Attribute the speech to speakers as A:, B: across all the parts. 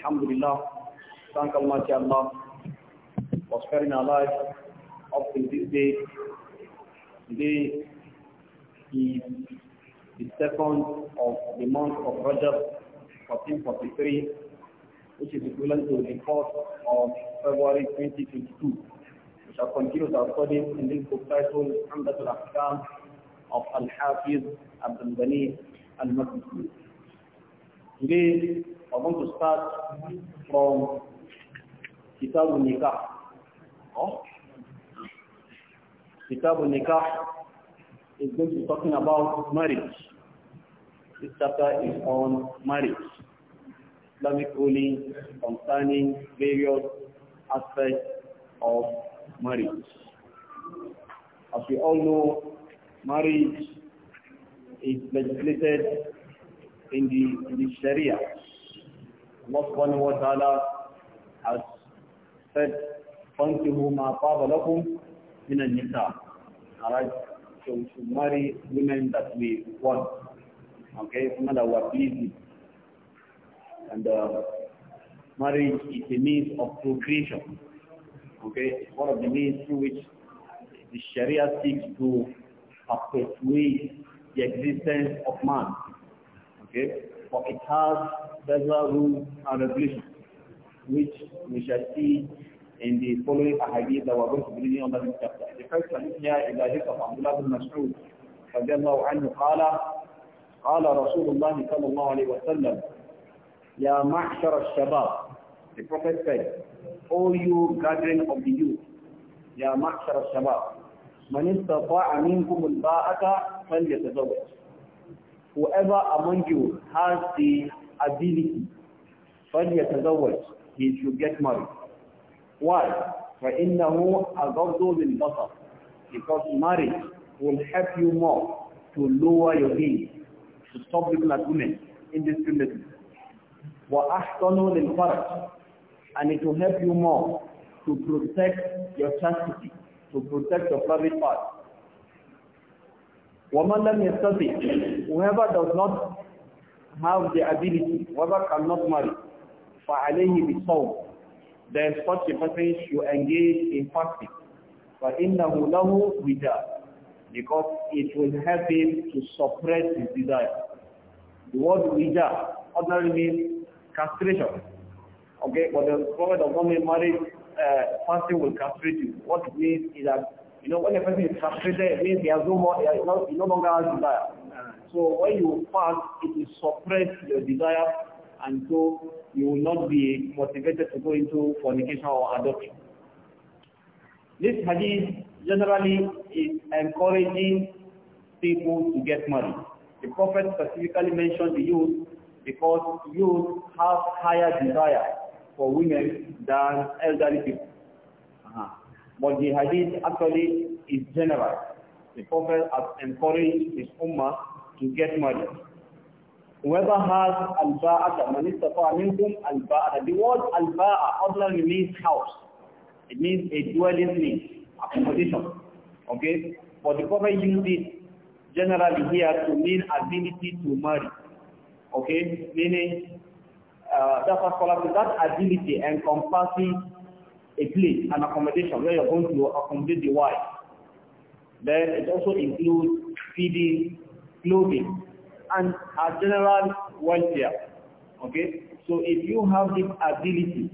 A: Alhamdulillah, thank Almighty Allah for sparing our life up to this day. Today is the second of the month of Rajab 1443, which is equivalent to the 4th of February 2022. We shall continue our study in this book titled Hamdatul Ahkam of Al-Hafiz Abdul Bani Al-Makdisi. Today, I want to start from Kitabun Nikah. Oh? Kitabun Nikah is going to be talking about marriage. This chapter is on marriage, Islamic ruling concerning various aspects of marriage. As we all know, marriage is legislated in the, in the Sharia, Allah subhanahu wa ta'ala has said, فَانْتِهُ مَا طَابَ لَكُمْ مِنَ Alright, so we should marry women that we want. Okay, women that we are And uh, marriage is a means of procreation. Okay, it's one of the means through which the Sharia seeks to perpetuate the existence of man. Okay, but it has several rules and regulations, which we shall see in the following ahadith that we're going to be reading under this chapter. The first one here is the hadith of Abdullah bin Mas'ud رضي الله عنه قال قال رسول الله صلى الله عليه وسلم يا معشر الشباب The Prophet said, you gathering of the youth, يا معشر الشباب من استطاع منكم الباءة فليتزوج Whoever among you has the ability, فَلْيَتَزَوَّجْ He should get married. Why? فَإِنَّهُ أَغَضُّ لِلْبَصَرِ Because marriage will help you more to lower your gaze, to stop looking at women indiscriminately. وَأَحْسَنُ لِلْفَرَجِ And it will help you more to protect your chastity, to protect your private part. وَمَنْ لَمْ يَسْتَطِعْ Whoever does not have the ability, whether cannot marry, alayhi بِالصَّوْمِ Then such a person should engage in fasting. فَإِنَّهُ لَهُ وِجَاءَ Because it will help him to suppress his desire. The word wija ordinarily means castration. Okay, but the Prophet of Muhammad married uh, fasting will castrate you. What it means is that, you know, when a person is castrated, it means he has no more, he, has no, he no longer has desire. So when you fast, it will suppress your desire and so you will not be motivated to go into fornication or adultery. This hadith generally is encouraging people to get married. The Prophet specifically mentioned the youth because youth have higher desire for women than elderly people. Uh -huh. But the hadith actually is general. The Prophet has encouraged his ummah to get money. Whoever has al-ba'ata, man istafa minkum al-ba'ata. The word al-ba'a ordinarily means house. It means a dwelling place, accommodation. Okay? But the Prophet used it generally here to mean ability to marry. Okay? Meaning, uh, that's what scholars that ability encompassing a place, an accommodation where you're going to accommodate the wife. Then it also includes feeding, clothing, and our general welfare. Okay? So if you have this ability,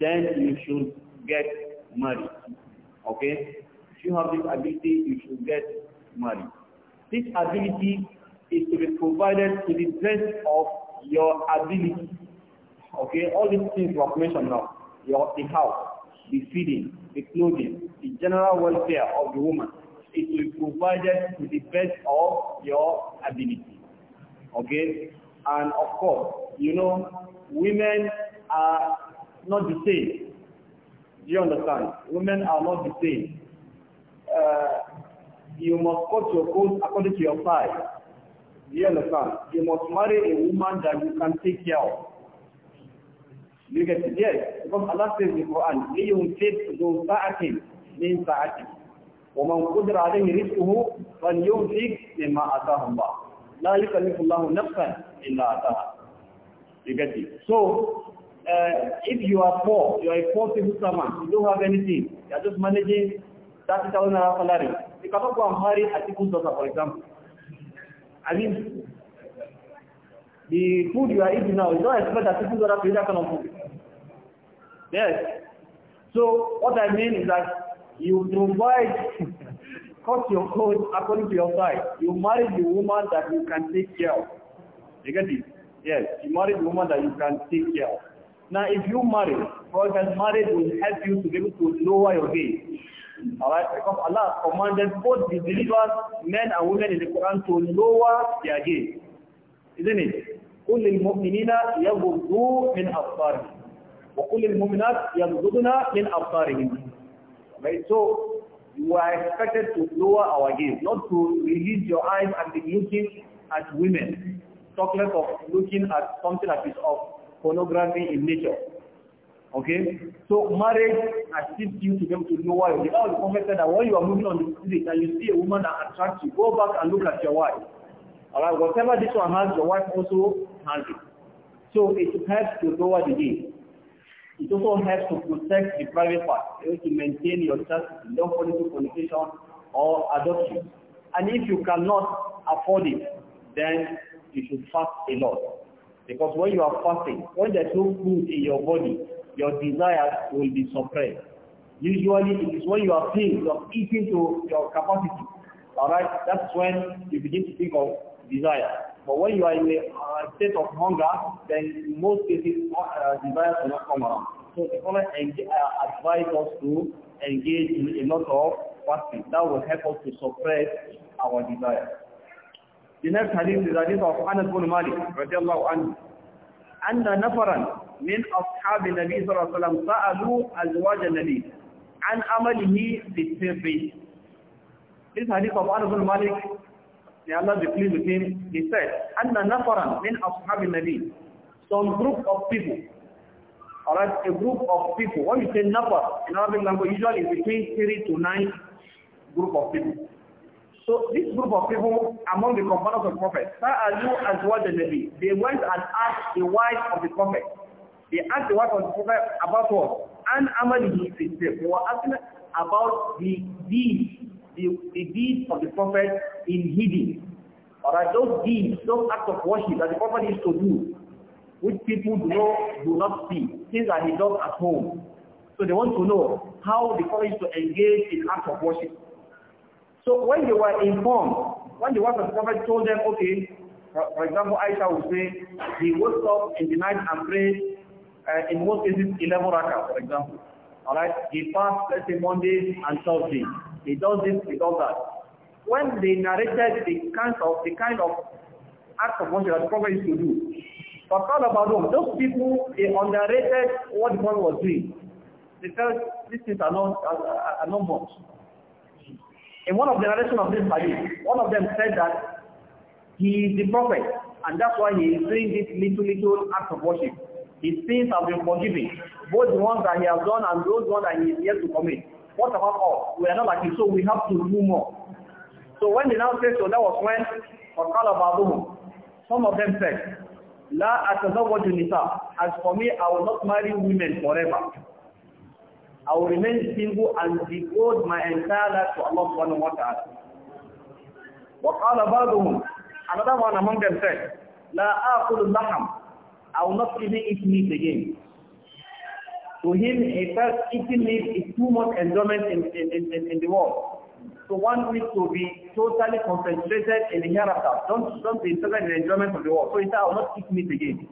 A: then you should get married. Okay? If you have this ability, you should get married. This ability is to be provided to the best of your ability. Okay? All these things were mentioned now. Your, the house, the feeding, the clothing, the general welfare of the woman it will be provided to the best of your ability. Okay? And of course, you know, women are not the same. Do you understand? Women are not the same. Uh, you must cut your coat according to your size. Do you understand? You must marry a woman that you can take care of. You get it? Yes. Because Allah says in the Quran, لِيُنْفِقْ ذُو سَعَةٍ means سَعَةٍ ومن قدر عليه رزقه مما آتاه الله لا يكلف الله نفسا إلا آتاها You get it? So, uh, if you are poor, you are a poor civil servant, you don't have anything, you are just managing 30,000 naira salary. You cannot go and marry Atiku's daughter, for example. I mean, the food you are eating now, you don't expect Atiku's daughter to eat that kind of food. Yes. So, what I mean is that you provide, cut your clothes according to your size. You marry the woman that you can take care of. You get it? Yes, you marry the woman that you can take care of. Now, if you marry, for example, marriage will help you to be able to lower your gaze. Alright, because Allah commanded both the believers, men and women in the Quran, to lower their gaze. Isn't it? قل للمؤمنين يغضوا من أبصارهم وقل للمؤمنات يغضضن من أبصارهم Right? So you are expected to lower our gaze, not to release your eyes and be looking at women. Talk less of looking at something that is of pornography in nature. Okay? So marriage assists you to be able to lower your gaze. Now the prophet said that when you are moving on the street and you see a woman that attracts you, go back and look at your wife. Alright, whatever this one has, your wife also has it. So it helps to lower the gaze. It also helps to protect the private part, you to maintain your trust, don't fall into or adoption. And if you cannot afford it, then you should fast a lot. Because when you are fasting, when there's no food in your body, your desires will be suppressed. Usually it is when you are thin, you are eating to your capacity. Alright, that's when you begin to think of desire. But when you are in a uh, state of hunger, then in most cases, uh, desires will not come around. So the Prophet uh, advised us to engage in a lot of fasting. That will help us to suppress our desires. The next hadith is the hadith of Anas bin Malik, radiallahu anhu. أن نفرا من أصحاب النبي صلى الله عليه وسلم سألوا أزواج النبي عن عمله في السر This hadith of Anas bin Malik May Allah be pleased with him, he said, Anna nafaran min ashabi nabi. Some group of people. Alright, a group of people. When you say nafar, in Arabic language, usually between three to nine group of people. So this group of people among the companions of the Prophet, Sa'alu as well the Nabi, they went and asked the wife of the Prophet. They asked the wife of the Prophet about what? And Amali himself. They were asking about the deeds the, the deeds of the prophet in hidden. Alright, those deeds, those acts of worship that the prophet used to do, which people know do not see, things that he does at home. So they want to know how the prophet used to engage in acts of worship. So when they were informed, when the wife of the prophet told them, okay, for, for example, Aisha would say, he woke up in the night and prayed, uh, in most cases, 11 rakah, for example. Alright, he passed, let's say, Mondays and Thursdays. He does this, he does that. When they narrated the kind of, the kind of act of worship that the prophet used to do, but all about them, those people, they underrated what the prophet was doing. They felt these things are not, are, are not much. In one of the narration of this hadith, one of them said that he is the prophet, and that's why he is doing this little, little act of worship. His sins have been forgiven, both the ones that he has done and those ones that he is yet to commit. What about all? We are not like you, so we have to do more. So when they now say so, that was when Fakala Babuhum, some of them said, La atazawwaju nisa, as for me, I will not marry women forever. I will remain single and devote my entire life to Allah subhanahu wa ta'ala. وقال بعضهم another one among them said "La آكل اللحم I will not even eat meat again To him, he felt eating meat is too much enjoyment in, in, in, in the world. So one needs to be totally concentrated in the hereafter. Don't, don't be interested in the enjoyment of the world. So he said, I will not eat meat again.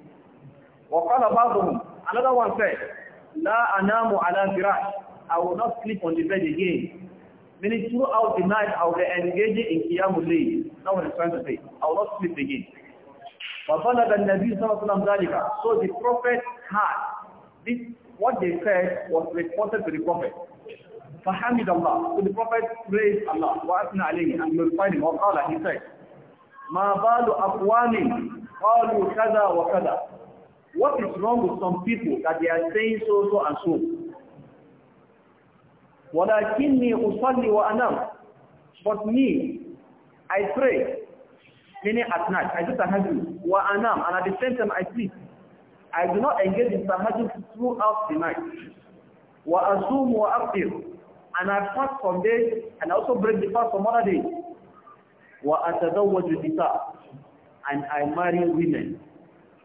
A: وقال بعضهم Another one said, لا أنام على فراش I will not sleep on the bed again. Meaning throughout the night I will be engaging in Qiyamul Layl. Now what he's trying to say. I will not sleep again. فَطَلَبَ النَّبِي صَلَى اللَّهُ عَلَيْهِ وَسَلَّمَ So the Prophet had this what they said was reported to the Prophet. فحمد Allah. So the Prophet praised Allah. وَأَثْنَ عَلَيْهِ And glorified him. وَقَالَ He said, مَا بَالُ أَقْوَامٍ قَالُوا كَذَا وَكَذَا What is wrong with some people that they are saying so, so and so? وَلَكِنِّي أُصَلِّي وَأَنَامُ But me, I pray, meaning at night, I just a hajj, وَأَنَامُ And at the same time I sleep. I do not engage in tahajjud throughout the night. Wa asum wa aftir. And I fast from day and I also break the fast from other days. Wa atadawwaju nisa. And I marry women.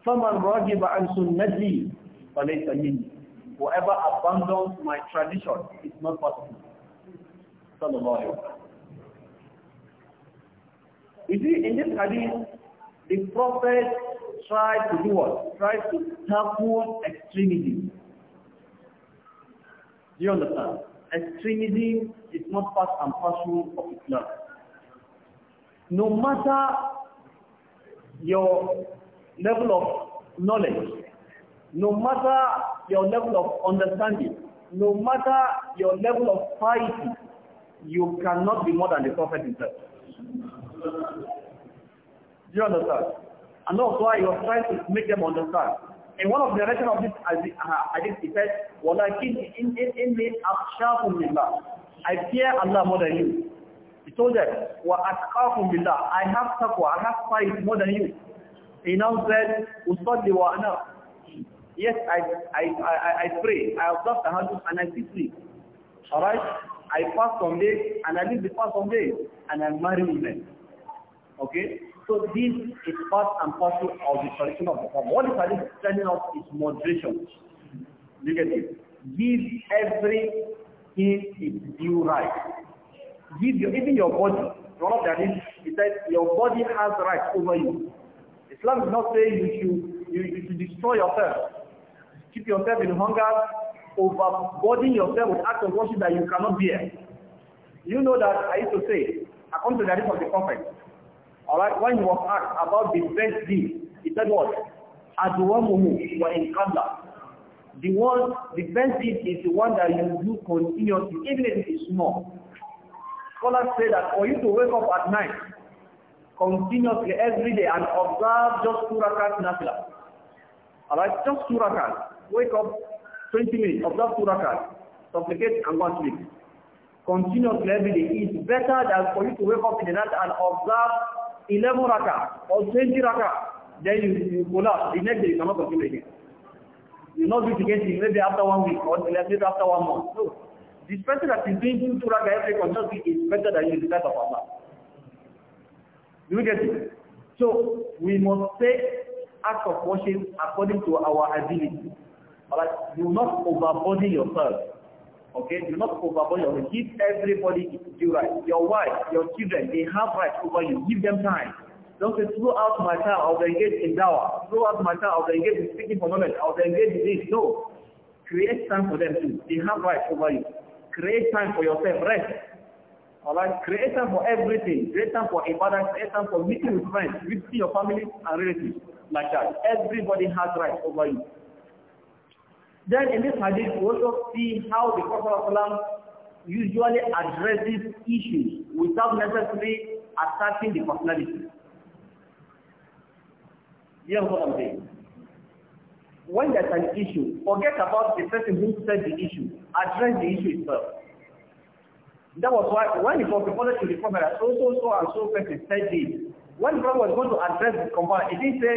A: Faman رَغِبَ an سُنَّتِي فَلَيْسَ مِنِّي Whoever abandons my tradition is not possible. of me. Sallallahu alayhi You see, in this hadith, the Prophet Try to do what? Try to more extremism. Do you understand? Extremism is not part and parcel of Islam. No matter your level of knowledge, no matter your level of understanding, no matter your level of piety, you cannot be more than the Prophet himself.
B: Do
A: you understand? And that's why you was trying to make them understand. And one of the direction of this hadith he said, وَلَكِنْ "In in in لِلَّهِ I fear Allah more than you. He told them, وَأَتْقَاكُمْ بِاللَّهِ I have taqwa, I have faith more than you. He now said, أُصَلِّ وَأَنَا Yes, I, I, I, I pray, I observe the hadith and I sleep. Alright? I fast some days and I leave the fast some days and I marry women. Okay? So this is part and parcel of the tradition of the Prophet. What the tradition is telling us is moderation. negative. at this. Give everything its due right. Give your, even your body. One of that is, hadith, it says your body has rights over you. Islam is not saying you should, you, you should destroy yourself. Keep yourself in hunger, overburden yourself with acts of worship that you cannot bear. You know that I used to say, according to the hadith of the Prophet, All right, when he was asked about the best deed, he said what? Aduwamuhu wa inkalla. The one, the best deed is the one that you do continuously, even if it is small. Scholars say that for you to wake up at night, continuously every day and observe just two rakat nafila. All right, just two rakat. Wake up 20 minutes, observe two rakat, supplicate and go and sleep. Continuously every day is better than for you to wake up in the night and observe Eleven raka or 20 raka, then you, you collapse. The next day you cannot continue again. You not do it again maybe after one week or maybe after one month. So, The person that is doing two raka every conscious week is better than you the sight of Allah. Do you get it? So we must take act, of worship according to our ability. Alright, do not overburden yourself. Okay, do not overburden yourself. Give everybody due right. Your wife, your children, they have right over you. Give them time. Don't say, throughout my time, I'll engage in dawah. Throughout my time, I'll engage in speaking for knowledge. I'll engage in this. No. Create time for them too. They have right over you. Create time for yourself. Rest. Alright? Create time for everything. Create time for ibadah. Create time for meeting with friends, visiting your family and relatives. Like that. Everybody has right over you. Then in this hadith, we also see how the Prophet usually addresses issues without necessarily attacking the personality. You know what I'm saying? When there's an issue, forget about the person who said the issue. Address the issue itself. That was why when it was reported to the Prophet, so, so, so, and so person said this. When the Prophet was going to address the companion, he didn't say,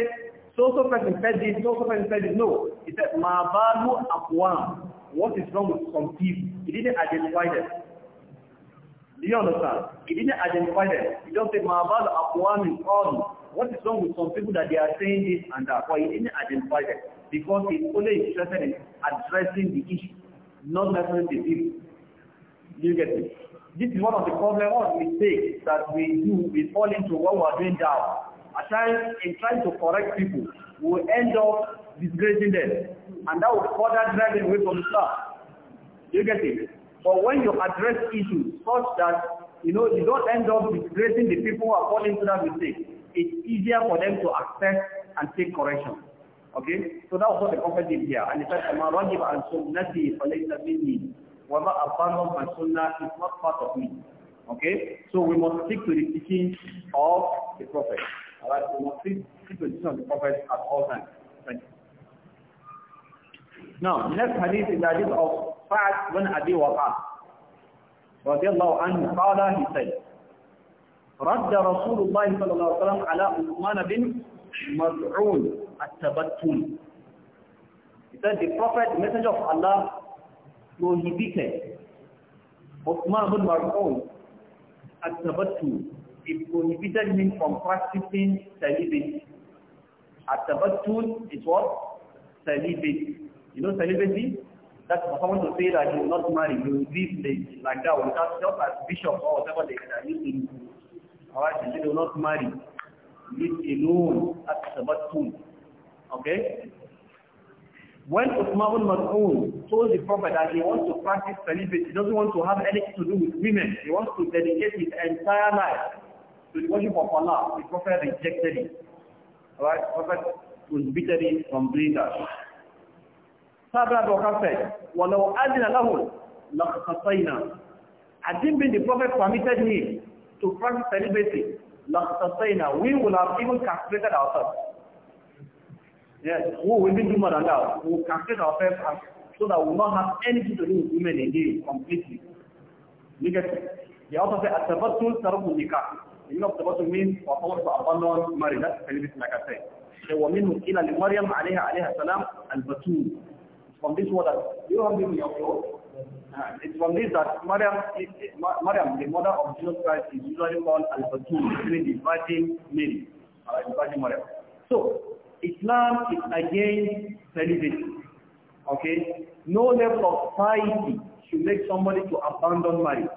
A: So so person said this, so so person said this. No. He said, Mabalu Akwam. What is wrong with some people? He didn't identify them. Do you understand? He didn't identify them. He just said, Mabalu Akwam is all. What is wrong with some people that they are saying this and that? Why he didn't identify them? Because he's only interested in addressing the issue, not necessarily the people. Do you get me? This is one of the problems, one of the mistakes that we do, we fall into what we are doing now aside in trying to correct people, we will end up disgracing them. And that will further drive them away from Islam. You get it? But when you address issues such that, you know, you don't end up disgracing the people who are falling to that mistake, it's easier for them to accept and take correction. Okay? So that was what the Prophet did here. And he said, "Ma rajib an sunnati falaysa minni wa ma abbanum an is not part of me." Okay? So we must stick to the teaching of the Prophet. All we must keep, keep the teaching of the Prophet at all times. Thank you. Now, next hadith is the hadith of Sa'ad bin Abi Waqas. رضي da عنه he said رد رسول الله صلى He said the prophet, messenger of Allah, prohibited Uthman bin Mar'un at it prohibited him from practicing celibate. At-tabattul it was Celibate. You know celibacy? That's for someone to say that you're not married, you live like that, or that's just as bishop or whatever they are using. Alright, he will not marry. Live alone at tabattul. Okay? When Uthman Mas'ud told the Prophet that he wants to practice celibacy, he doesn't want to have anything to do with women, he wants to dedicate his entire life to the worship of Allah, the Prophet rejected it. Right? Prophet was it from doing that. Sabra Doka said, وَلَوْ أَذِنَ لَهُ لَخْتَصَيْنَا Had it been the Prophet permitted him to practice celibacy, لَخْتَصَيْنَا We would have even castrated ourselves. Yes, we will do more than that. We will castrate ourselves so that we will not have anything to do with women again completely. Look at it. The author said, أَتَبَتُّ سَرَبُ النِّكَاحِ you know, the bottom means for someone to abandon marriage. That's television, لِمَرْيَمْ عَلَيْهَا عَلَيْهَا سَلَامْ الْبَتُولُ From this word, you have in your uh, It's from this that Maryam, Maryam, the mother of Jesus Christ, is usually called Al-Batul, meaning the Virgin Mary, uh, the Virgin Maryam. So, Islam is against celibacy. Okay? No level of piety should make somebody to abandon marriage.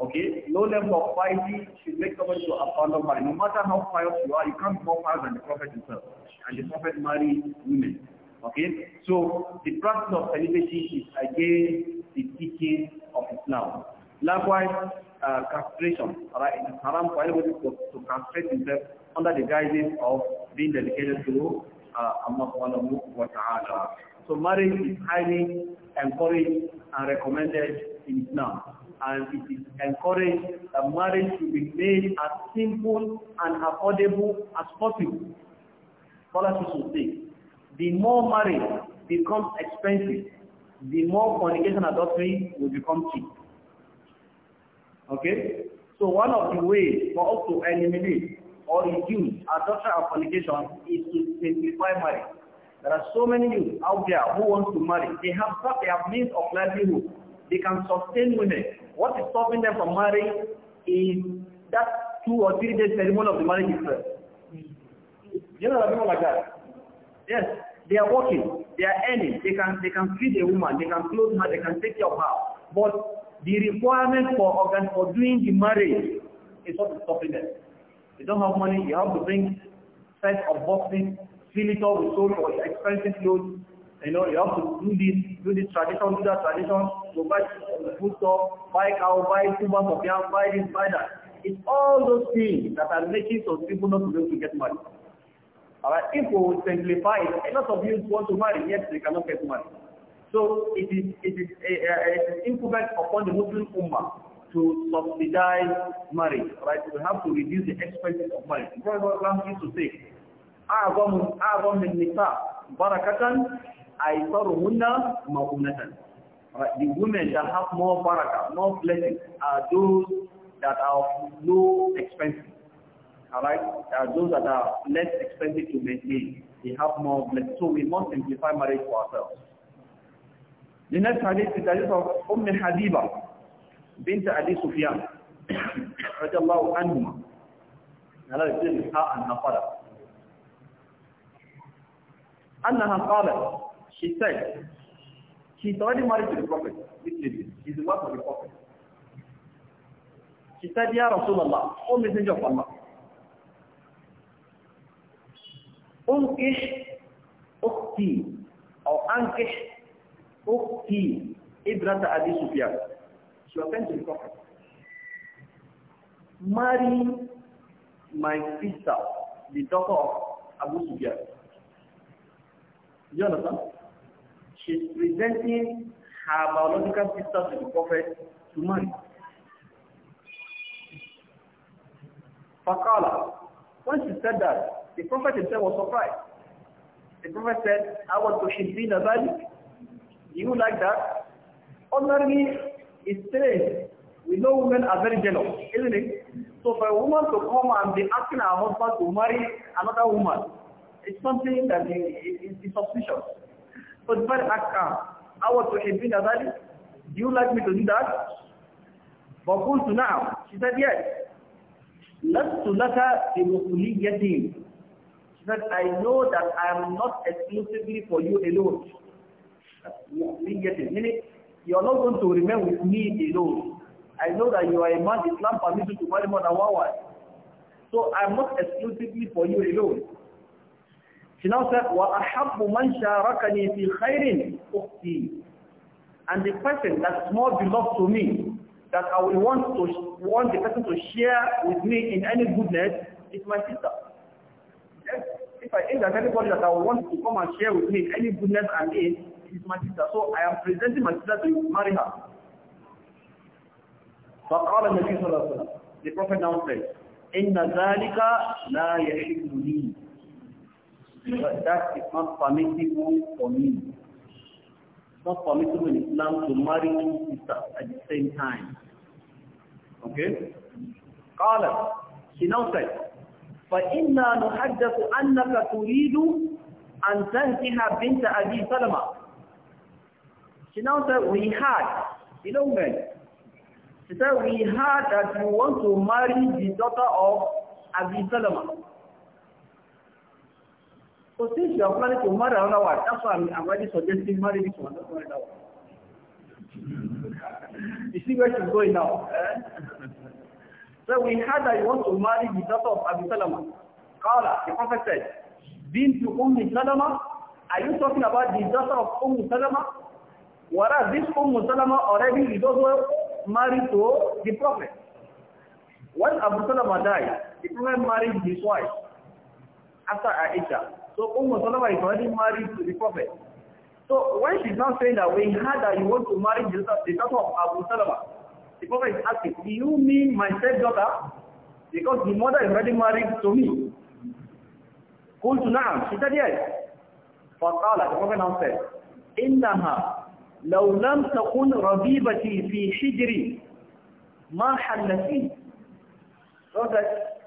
A: Okay? low level of piety should make someone to abandon marriage. No matter how pious you are, you can't be more pious than the Prophet himself. And the Prophet married women. Okay? So the practice of celibacy is against the teaching of Islam. Likewise, uh, castration, right? It is haram for anybody to, to castrate himself under the guise of being dedicated to uh, Allah So marriage is highly encouraged and recommended in Islam and it is encouraged that marriage should be made as simple and affordable as possible. Scholars should say, the more marriage becomes expensive, the more fornication adultery will become cheap. Okay? So one of the ways for us to eliminate or reduce adultery and fornication is to simplify marriage. There are so many youth out there who want to marry. They have they have means of livelihood. They can sustain women. What is stopping them from marrying is that two or three days ceremony of the marriage itself. You know, people like that. Yes, they are working, they are earning, they can they can feed a woman, they can clothe her, they can take care of her. But the requirement for organ for doing the marriage is what is stopping them. You don't have money, you have to bring sets of boxes, fill it up with soap or expensive clothes, You know, you have to do this, do this tradition, do that tradition, go buy food store, buy cow, buy two months of yam, buy this, buy that. It's all those things that are making those people not to be able to get married. All right, if we simplify it, a lot of you want to marry, yet they cannot get married. So it is it is a, an incumbent upon the Muslim Ummah to subsidize marriage, right? We have to reduce the expenses of marriage. Prophet used to say, أعظم أعظم النساء بركة I saw Aitharuhunna ma'unatan. Right, the women that have more barakah, more blessings are those that are low expensive. Alright, are those that are less expensive to maintain. They have more blessings. So we must simplify marriage for ourselves. The next hadith is the hadith of Umm Habiba bint Abi Sufyan radiallahu anhuma. Allah is her and her father. أنها قالت she said, she's already married to the Prophet. He's the wife of the Prophet. She said, Ya Rasulullah, O Messenger of Allah, أنكح أختي or أنكح أختي ابنة أبي سفيان. She was sent to the Prophet. Marry my sister, the daughter of Abu Sufyan. You understand? she's presenting her biological sister to the prophet to marry. Fakala, when she said that, the prophet himself was surprised. The prophet said, I want to she be azalik. Do you like that? Ordinarily, it's strange. We know women are very jealous, isn't it? So for a woman to come and be asking her husband to marry another woman, it's something that is, is, is Utbar Akka, Awa Tuhibina that, do you like me to do that? فقلت نعم she said yes Let's لست لك بمخلية she said I know that I am not exclusively for you alone مخلية meaning you are not going to remain with me alone I know that you are a man Islam permits you to marry more than one wife so I am not exclusively for you alone She now said, وَأَحَبُّ مَنْ شَارَكَنِي فِي خَيْرٍ أُخْتِي And the person that's more beloved to me, that I will want, to, want the person to share with me in any goodness, is my sister. Yes, if I ask anybody that I want to come and share with me any goodness I'm in, is my sister. So I am presenting my sister to marry her. فقال النبي صلى الله عليه وسلم The Prophet now said, إِنَّ ذَلِكَ لَا يَحِلُّ لِي But that is not permissible for me. It's not permissible in Islam to marry two sisters at the same time. Okay? قالت She now said, فإنا نحدث أنك تريد أن تنكح بنت أبي سلمة. She now said, we had, you know men, she said, we heard that you want to marry the daughter of Abi Salama. So since you are planning to marry another wife, that's why I'm, I'm already suggesting marry this one, not marry that one.
B: you see where she's going now. Eh?
A: so we heard that you want to marry the daughter of Abu Salama. Qala, the prophet said, "Been to Umm Salama, are you talking about the daughter of Umm Salama? Whereas this Umm Salama already is also married to the prophet. When Abu Salama died, the prophet married his wife after Aisha. So Umm Salama is already married to the Prophet. So when she's now saying that we heard that you want to marry the daughter of Abu Salama, the Prophet is asking, do you mean my stepdaughter? Because the mother is already married to me. to نعم she said yes فقال the Prophet now said إنها لو لم تكن ربيبتي في حجري ما حلت so that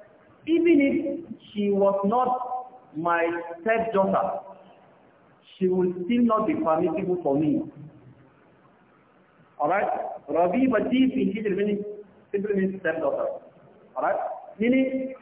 A: even if she was not my stepdaughter, she will still not be permissible for me. Alright? Rabi Batif in Hijr means simply means stepdaughter. Alright? Meaning,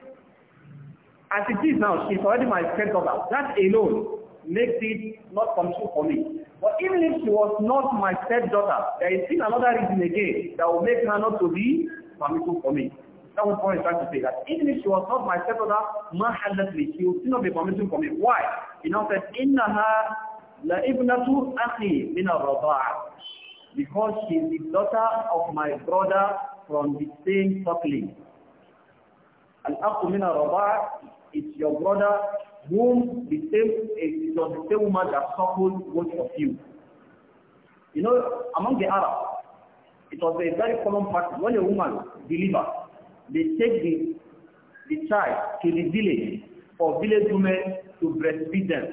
A: as it is now, she's already my stepdaughter. That alone makes it not functional for me. But even if she was not my stepdaughter, there is still another reason again that will make her not to be permissible for me. That was what point trying to say that even if she was not my stepmother, mahalatli, she would still not be permission for me. Why? He now said, Innaha la ibnatu akhi min al-rada'a. Because she is the daughter of my brother from the same suckling. Al-akhu min al-rada'a is your brother whom the same is of the same woman that suckled both of you. You know, among the Arabs, it was a very common practice when a woman delivered they take the, the child to the village for village women to breastfeed them.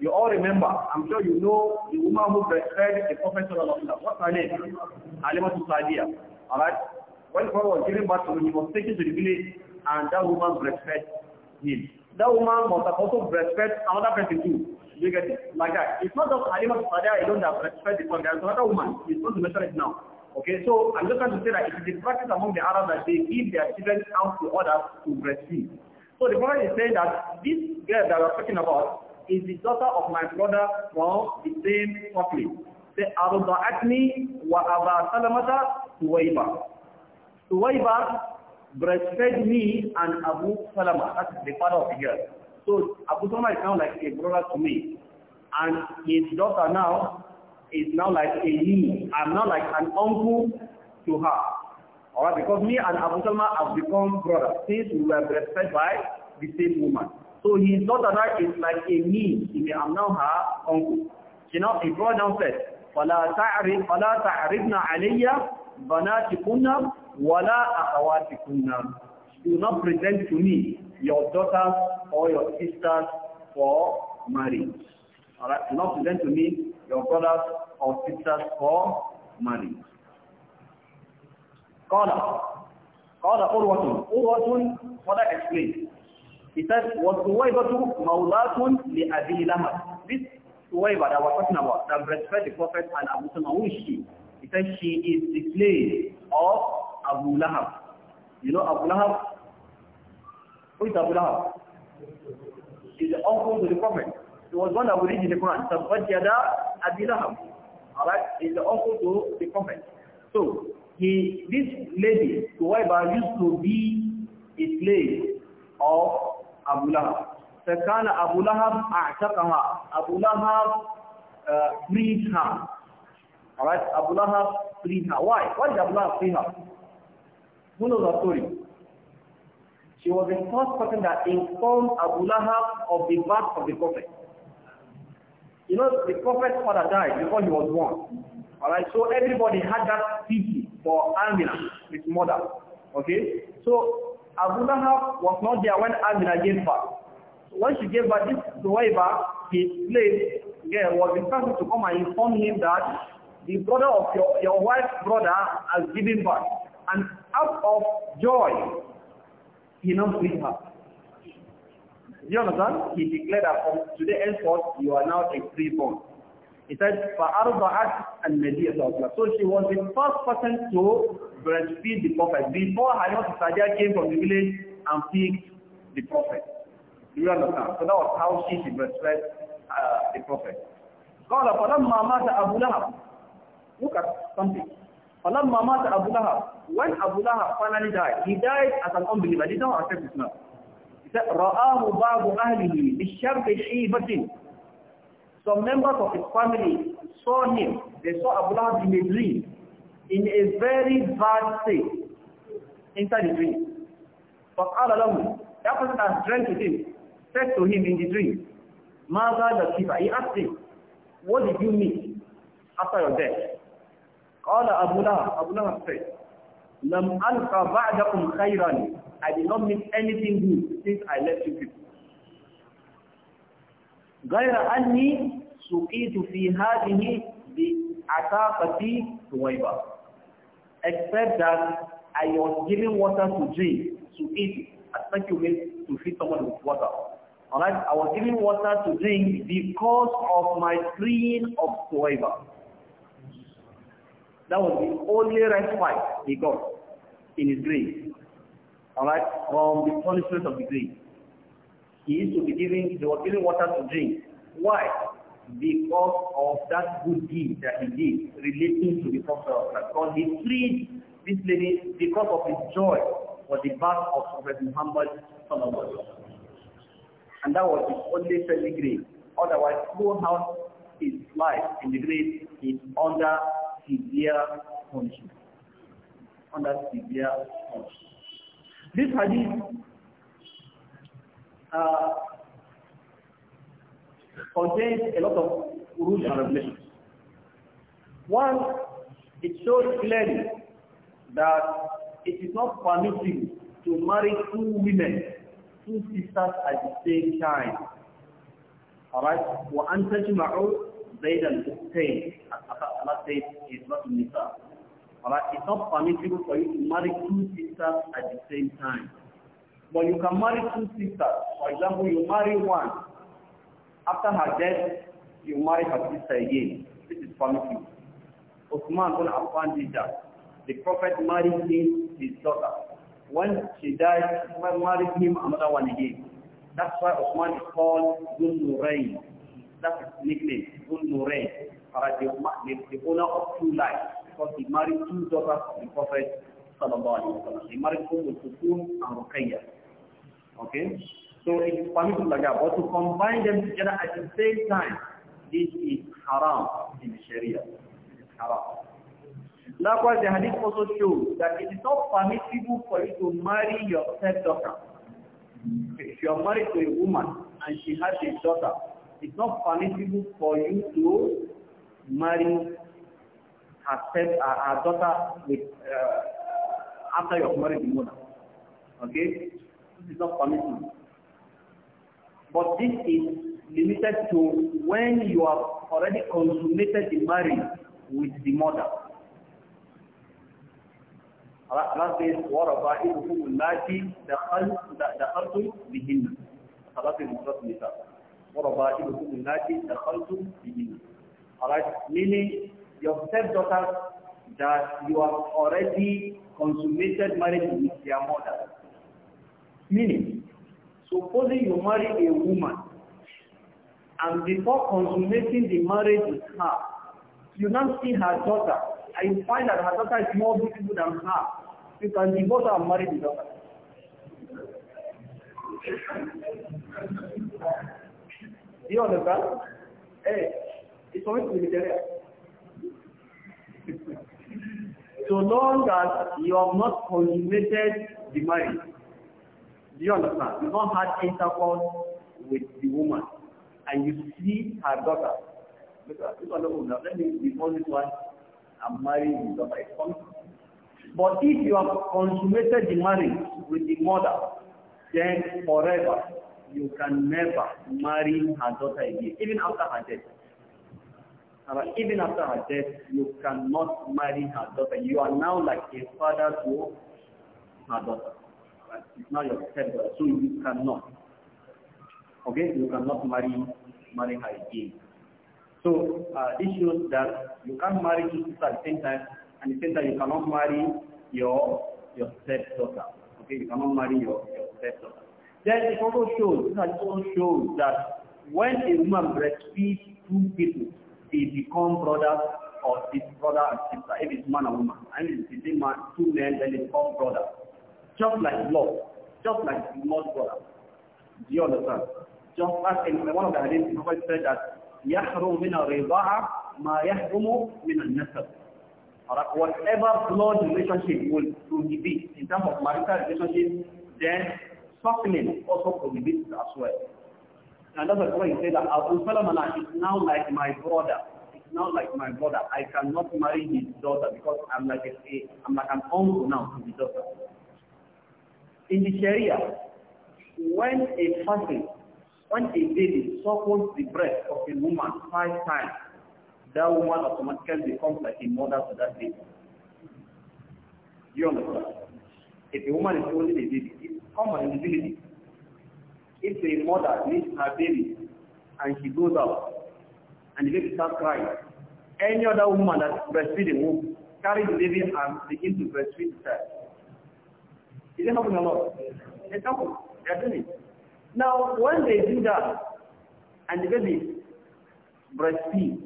A: You all remember, I'm sure you know the woman who breastfed the Prophet Sallallahu What's her name? Alimatu Sadiya. right. When the Prophet was giving birth to him, he was taken to the village and that woman breastfed him. That woman must have also breastfed another person too. You get it? Like that. It's not just Alimatu Sadiya alone that breastfed the son. There's another woman. He's going to mention it now. Okay, so I'm just trying to say that it is a practice among the Arabs that they give their children out to others to breastfeed. So the Prophet is saying that this girl that we're talking about is the daughter of my brother from the same family. The Say, Aruda'atni wa Aba Salamata Tuwaiba. Tuwaiba breastfed me and Abu Salama. That's the father of the girl. So Abu Salama is now like a brother to me. And his daughter now is now like a me. I'm now like an uncle to her. Alright, because me and Abu Salma have become brothers since we were breastfed by the same woman. So his daughter that is like a me. He may I'm now her uncle. She now he brought down said, فَلَا تَعْرِبْ فَلَا تَعْرِبْنَ عَلَيَّ بَنَاتِكُنَّ وَلَا أَخَوَاتِكُنَّ Do not present to me your daughters or your sisters for marriage. Alright, do not present to me your brothers or sisters for marriage. Qala. Qala Urwatun. Urwatun, what I explained. He said, وَسُوَيْبَةُ مَوْلَاتٌ لِأَبِي لَهَبٍ This Suwaiba that we're talking about, that breastfed the Prophet and Abu Sama, who is she? He says she is the slave of Abu Lahab. You know Abu Lahab? Who is Abu Lahab? He's the uncle to the Prophet. He was one that will read in the Quran. Tabbat yada Abi Lahab. Alright? He's the uncle to the prophet. So, he, this lady, Tuwaiba, used to be a slave of Abu Lahab. فَكَانَ أَبُو لَهَبْ أَعْتَقَهَا Abu Lahab uh, freed her. Alright? Abu Lahab freed her. Why? Why did Abu Lahab free her? Who knows the story? She was the first person that informed Abu Lahab of the birth of the prophet. You know, the prophet's father died before he was born. Alright, so everybody had that pity for Amina, his mother. Okay? So Abu Lahab was not there when Amina gave birth. So when she gave birth, this Zuwaiba, his slave girl, was instructed to come and inform him that the brother of your, your wife's brother has given birth. And out of joy, he now freed her. Do You understand? He declared that from today henceforth you are now a freeborn. He said, and النَّبِيَ صَلَّى So she was the first person to breastfeed the prophet. Before Hayat Sadia came from the village and feed the prophet. Do you understand? So that was how she, she breastfed uh, the prophet. قال فلما مات أبو لهب Look at something. فلما مات أبو لهب When Abu Lahab finally died, he died as an unbeliever. He did not accept Islam. رآه بعض أهله بشرط حيبة Some members of his family saw him. They saw Abu Lahab in a dream, in a very bad state, inside the dream. فقال له, that person has dreamt with him, said to him in the dream, ماذا لكيف? He asked him, what did you mean after your death? قال Abu Lahab, Abu Lahab said, لم ألقى بعدكم خيرا I did not miss anything good since I left you people. غير أني سقيت في هذه بعتاقة ثويبة except that I was giving water to drink, to eat, as thank you means to feed someone with water. Alright, I was giving water to drink because of my freeing of Suwaiba. That was the only respite he got in his grave alright, from the punishment of the grave. He used to be giving, they were giving water to drink. Why? Because of that good deed that he did relating to the Prophet of Allah. Because he freed this lady because of his joy for the birth of Prophet Muhammad And that was his only family grave. Otherwise, throughout his life in the grave is under severe punishment. Under severe punishment. This hadith uh, contains a lot of rules and regulations. One, it shows clearly that it is not permissible to marry two women, two sisters at the same time. Alright? وَأَنْ تَجْمَعُوا بَيْنَ الْأُخْتَيْنِ As Allah says in not Nisa. Alright, it's not permissible for you to marry two sisters at the same time. But you can marry two sisters. For example, you marry one. After her death, you marry her sister again. This is permissible. Osman bin Affan did that. The Prophet married him, his daughter. When she died, he married him another one again. That's why Osman is called Zul Nurayn. That's his nickname, Zul Nurayn. Alright, the, the owner of two lives because he married two daughters of the Prophet He married Umm Kulthum and Ruqayya. Okay? So it is permissible, like that. But to combine them together at the same time, this is haram in Sharia. It is haram. Likewise, the hadith also shows that it is not permissible for you to marry your stepdaughter. If you are married to a woman and she has a daughter, it's not permissible for you to marry our, uh, daughter with uh, after you have married the mother. Okay? This is not permissible. But this is limited to when you have already consummated the marriage with the mother. Allah says, Allah says Alright, meaning your stepdaughter that you have already consummated marriage with their mother. Meaning, supposing you marry a woman and before consummating the marriage with her, you now see her daughter and you find that her daughter is more beautiful than her. You can divorce her and marry the daughter. Do you understand? Hey, eh, it's always to be so long as you have not consummated the marriage, do you understand? You don't have intercourse with the woman and you see her daughter. Because if I don't let me divorce this one I'm marrying the daughter. It's But if you have consummated the marriage with the mother, then forever you can never marry her daughter again, even after her death. But Even after her death, you cannot marry her daughter. You are now like a father to her daughter. It's not your stepdaughter, so you cannot. Okay, you cannot marry marry her again. So uh, this shows that you can't marry two sisters at the same time, and at the same time you cannot marry your your stepdaughter. Okay, you cannot marry your, your stepdaughter. Then it also shows, this also shows that when a woman breastfeeds two people, they become brothers or his brother and sister. If it's man or woman, I mean, if it's man, two men, then they become brothers. Just like blood, just like blood brother. Do you understand? Just as in one of the hadiths, the Prophet said that يحرم من الرضاعة ما يحرم من النسب. Alright, whatever blood relationship will prohibit in terms of marital relationship, then suckling also prohibits as well. Another point he said that Abu Salamana is now like my brother. It's now like my brother. I cannot marry his daughter because I'm like a, I'm like an uncle now to his daughter. In the Sharia, when a person, when a baby suckles the breast of a woman five times, that woman automatically becomes like a mother to that baby. you understand? If a woman is holding a baby, it's common in the village If a mother needs her baby and she goes out and the baby starts crying, any other woman that's breastfeeding will carry the baby and begin to breastfeed the Is it happening a lot? It's happening. They are doing it. Now, when they do that, and the baby breastfeeds,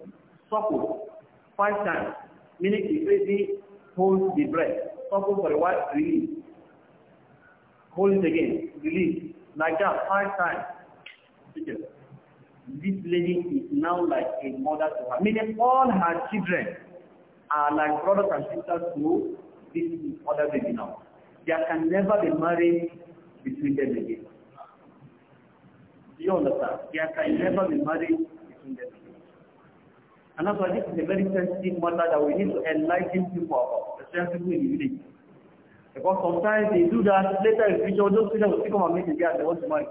A: suckles five times, meaning the baby holds the breast, suckles for a while, release, hold it again, release, Like that, five times. This lady is now like a mother to her. Meaning all her children are like brothers and sisters to this other baby now. There can never be marriage between them again. Do you understand? There can never be marriage between them again. And that's why this is a very sensitive matter that we need to enlighten people about, especially people in the village. Because sometimes they do that later in future, those students will still come and meet again and they want to marry.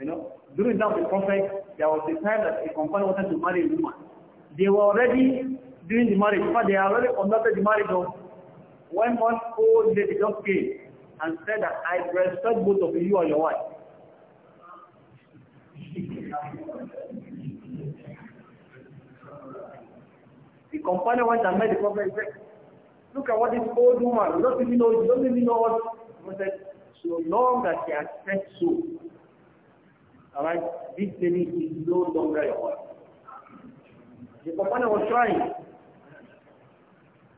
A: You know, during that the prophet, there was a time that a company wanted to marry a woman. They were already doing the marriage, but they already conducted the marriage of one month old lady just came and said that I respect both of you and your wife. the companion went and met the prophet and said, Look at what this old woman, you don't even know, you don't even know what. I said, so long as she has said so, all right, this baby is no longer your wife. The companion was trying.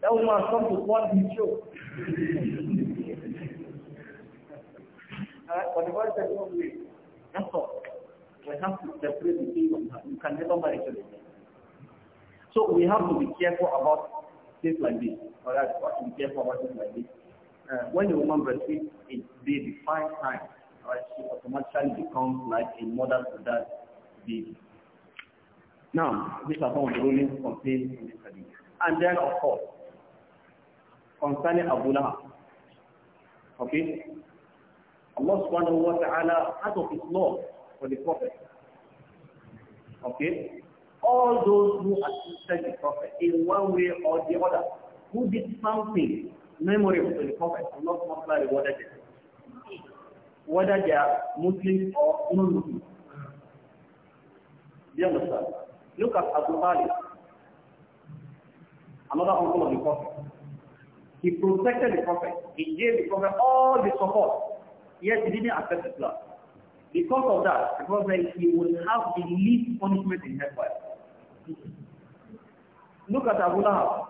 A: That woman come to one his show. all right, but the wife said, no way. That's all. We have to separate the thing from her. You can never marry to again. So we have to be careful about things like this. Or that what we care for things like this. Uh, when the woman breastfeeds a baby five times, right, she automatically becomes like a mother to that baby. Now, these are some of the rulings contained in this hadith. And then, of course, concerning Abu Lahab. Okay? Allah subhanahu wa ta'ala out of his law for the Prophet. Okay? all those who assisted the Prophet in one way or the other, who did something memorable to the Prophet, not SWT rewarded
B: them.
A: Whether they are Muslims or non-Muslims. Do you understand? Look at Abu Talib, another uncle of the Prophet. He protected the Prophet. He gave the Prophet all the support. Yet he didn't accept the blood. Because of that, the Prophet he will have the least punishment in hellfire. Look at Abu Lahab.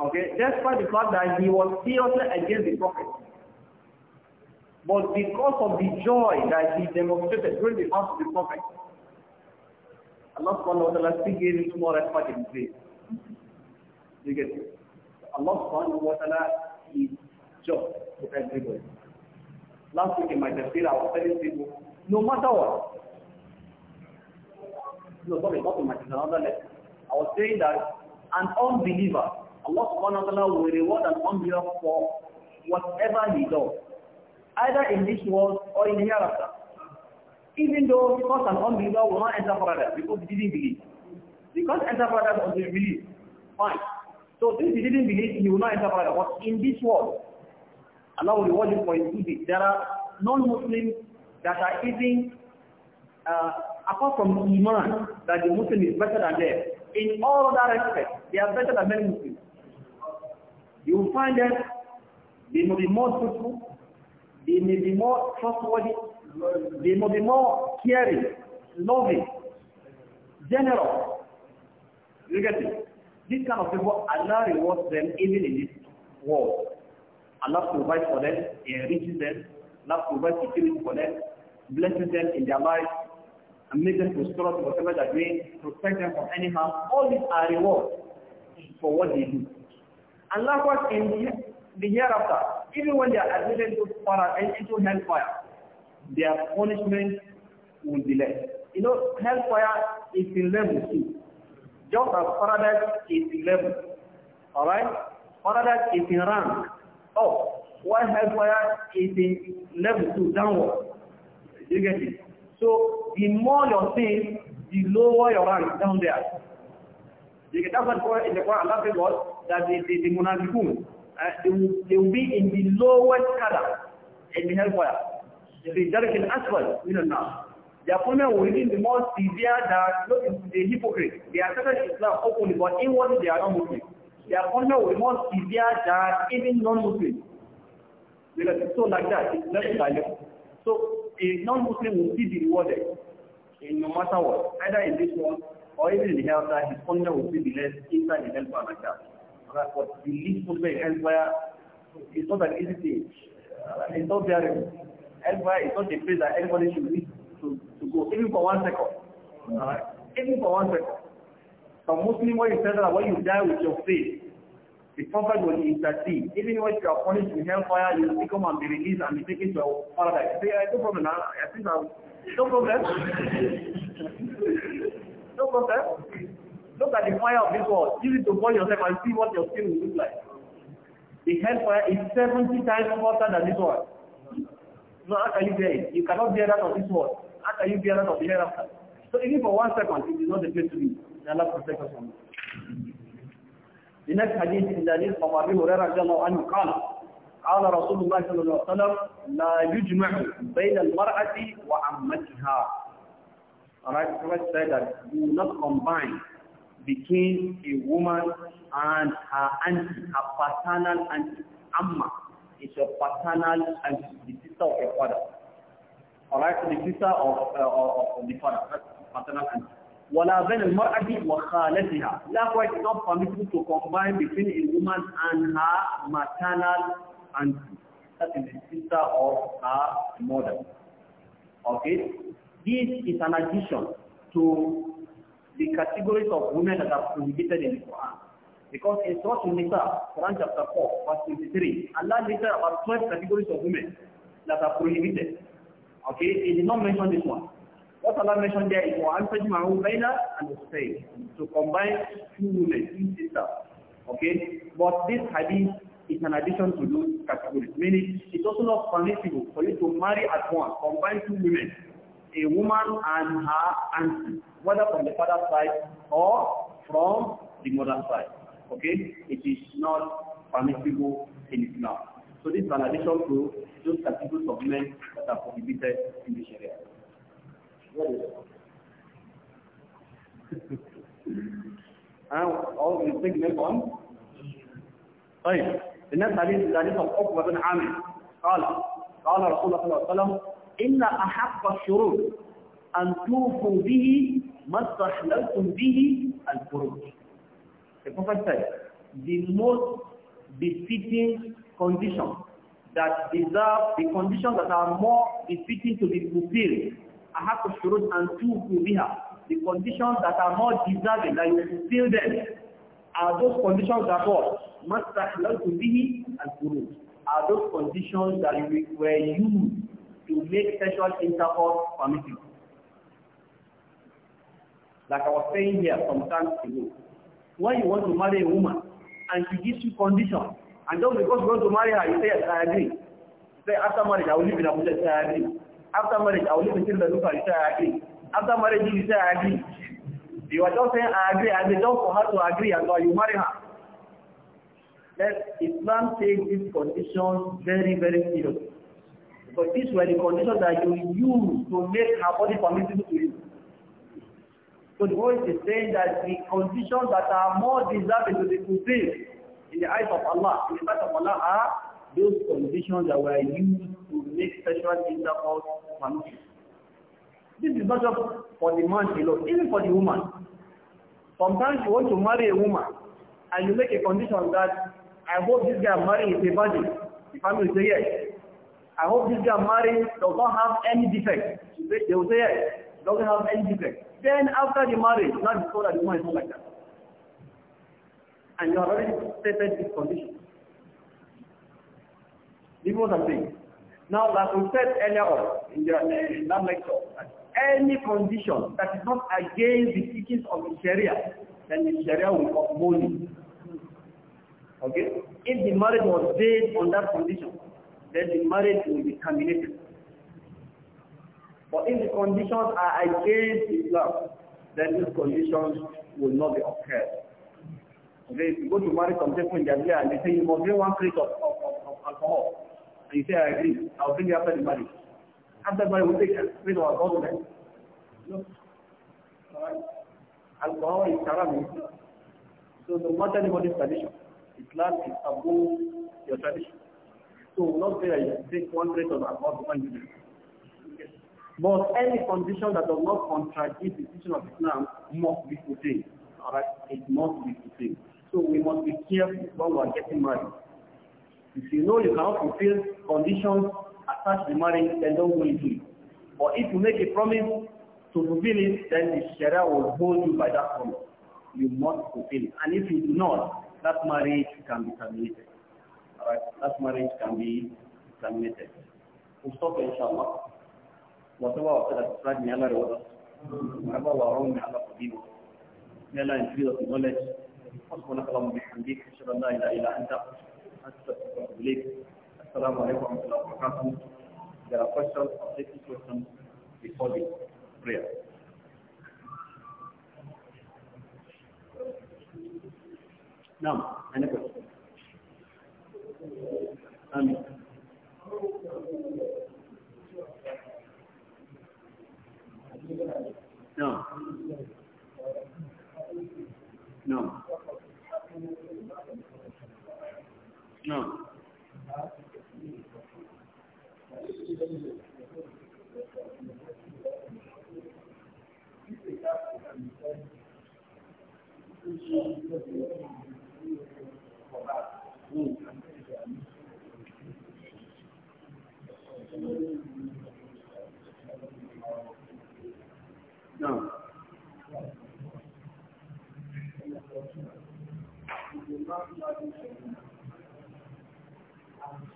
A: Okay, despite the fact that he was seriously against the Prophet. But because of the joy that he demonstrated during the house of the Prophet, Allah subhanahu wa ta'ala still gave him more respect in faith. You get it? Allah subhanahu wa ta'ala is just to everybody. Last week in my tafsir, I was telling people, no matter what, No, sorry, not automatic, another level. I was saying that an unbeliever, Allah subhanahu wa ta'ala will reward an unbeliever for whatever he does, either in this world or in the hereafter. Even though because an unbeliever will not enter paradise because he didn't believe. he can't enter paradise until he believes. Fine. So since he didn't believe, he will not enter paradise. But in this world, Allah will reward him for his good There are non-Muslims that are even uh, apart from Iman, that the Muslim is better than them, in all other respects, they are better than many Muslims. You will find that they may be more truthful, they may be more trustworthy, they may be more caring, loving, generous. Look at it. This kind of people, Allah rewards them even in this world. Allah provides for them, enriches them, Allah provides security for them, blesses them in their lives. and make them whatever they're doing, protect them from any harm. All these are rewards for what they do. And likewise in the, the hereafter, even when they are admitted to fire and into hellfire, their punishment will be less. You know, hellfire is in level two. Just as paradise is in level. Alright? Paradise is in rank. Oh, while hellfire is in level two downward. You get it? So the more your sin, the lower your rank down there. That's what in the Quran Allah said was that the, the, the munafiqun, uh, they, will, they will be in the lowest color in the hellfire. They will be dark and asphalt, you know now. the opponent will be the more severe that look, the hypocrite. They are certain Islam openly, but inwardly they are not Muslim. The opponent will be more severe than even non-Muslims. So like that, it's very diluted. So a non-Muslim will still be rewarded in no matter what, either in this one or even in the hellfire, his punishment will still be less inside the hellfire like That's what the least punishment in hellfire is not an easy thing. Uh, it's not there. Hellfire is not a place that anybody should need to, to go, even for one second. Alright? Even for one second. So Muslim, what you said that when you die with your faith, The prophet will intercede. Even when you are punished with hellfire, you will come and be released and be taken to paradise. Say, no problem, I think I'll, no problem. no problem. Look at the fire of this world. Use it to burn yourself and see what your skin will look like. The hellfire is 70 times hotter than this one. So how can you bear it? You cannot bear that of this world. How can you bear that of the hereafter? So even for one second, it is not the place to be. Allah protect us from it. لنفس حديث عند أبي هريرة رضي الله عنه قال قال رسول الله صلى الله عليه وسلم لا يجمع بين المرأة وعمتها Alright, Prophet said that do not combine between a woman and her auntie, her paternal auntie. Amma is your paternal auntie, the sister of your father. Alright, the sister of, uh, of the father, paternal auntie. وَلَا بَيْنَ الْمَرْأَةِ وَخَالَتِهَا Likewise, it's not permitted to combine between a woman and her maternal auntie. That is the sister of her mother. Okay? This is an addition to the categories of women that are prohibited in the Quran. Because in Surah Al-Nisa, Quran chapter 4, verse 23, Allah listed about 12 categories of women that are prohibited. Okay? He did not mention this one. What Allah mentioned there is one such وَأَنْتَجْمَعُوا بَيْنَ الْأُخْتَيْنِ To combine two women, two Okay? But this hadith is an addition to those categories. Meaning, it's also not permissible for you to marry at once, combine two women, a woman and her auntie, whether from the father's side or from the mother's side. Okay? It is not permissible in Islam. So this is an addition to those categories of men that are prohibited in the Sharia. أو من سجن الأم طيب بالنسبة لحديث الحكم بن عامر قال قال رسول الله صلى الله عليه وسلم إن أحق الشروط أن توفوا به ما استحللتم به الفروج The Prophet the most befitting conditions that deserve the conditions that are more befitting to be fulfilled I have to الشروط and توفوا بها the conditions that are more deserving that you fulfill them are those conditions that are what مستحللتم and الفروج are those conditions that were used to make sexual intercourse permissible. Like I was saying here some times ago, when you want to marry a woman and she gives you conditions, and just because you want to marry her, you say, yes, I agree. You say, after marriage, I will live in Abuja, say, I agree after marriage, I will leave the children look at each agree. After marriage, you say I agree. You are just saying I agree, and they don't for her to agree and so you marry her. Then Islam takes these conditions very, very seriously. Because these were the conditions that you use to make her body permissible to you. So the voice is saying that the conditions that are more deserving to be fulfilled in the eyes of Allah, in the sight of Allah are those conditions that were used to make sexual intercourse permissible. This is not just for the man alone, even for the woman. Sometimes you want to marry a woman and you make a condition that I hope this guy marrying is a virgin. The family will say yes. I hope this guy married does not have any defect. They will say yes. Doesn't have any defect. Then after the marriage, not before that the woman is not like that. And you have already stated this condition. This was something. Now, that we said earlier on in, the, eh, in that lecture, that any condition that is not against the teachings of the Sharia, then the Sharia will uphold it. Okay? If the marriage was based on that condition, then the marriage will be terminated. But if the conditions are against Islam, then these conditions will not be upheld. Okay, if you go to marry some people in Nigeria and they say you must drink one crate of, of, of, of alcohol, And you say, I agree. I'll bring you after the marriage. After the marriage, we'll take rid of alcohol then. No. Alright. Alcohol is haram. So no matter anybody's tradition, Islam is above your tradition. So not that you take one grain of alcohol to one unit. But any condition that does not contradict the teaching of Islam must be fulfilled. Alright? It must be fulfilled. So we must be careful when we are getting married. If you know you cannot fulfill conditions attached to marriage, then don't go into it. But if you make a promise to fulfill it, then the Sharia will hold you by that promise. You must fulfill it. And if you do not, that marriage can be terminated. Alright, that marriage can be terminated. We'll stop inshallah. Whatever was said at Friday, may Allah reward us. Whatever was wrong, may Allah forgive us. May Allah increase us in knowledge. سبحانك اللهم وبحمدك اشهد ان لا اله الا انت there are questions, objective questions before the prayer. Now, any question?
B: Um, no. No. na'am No. No.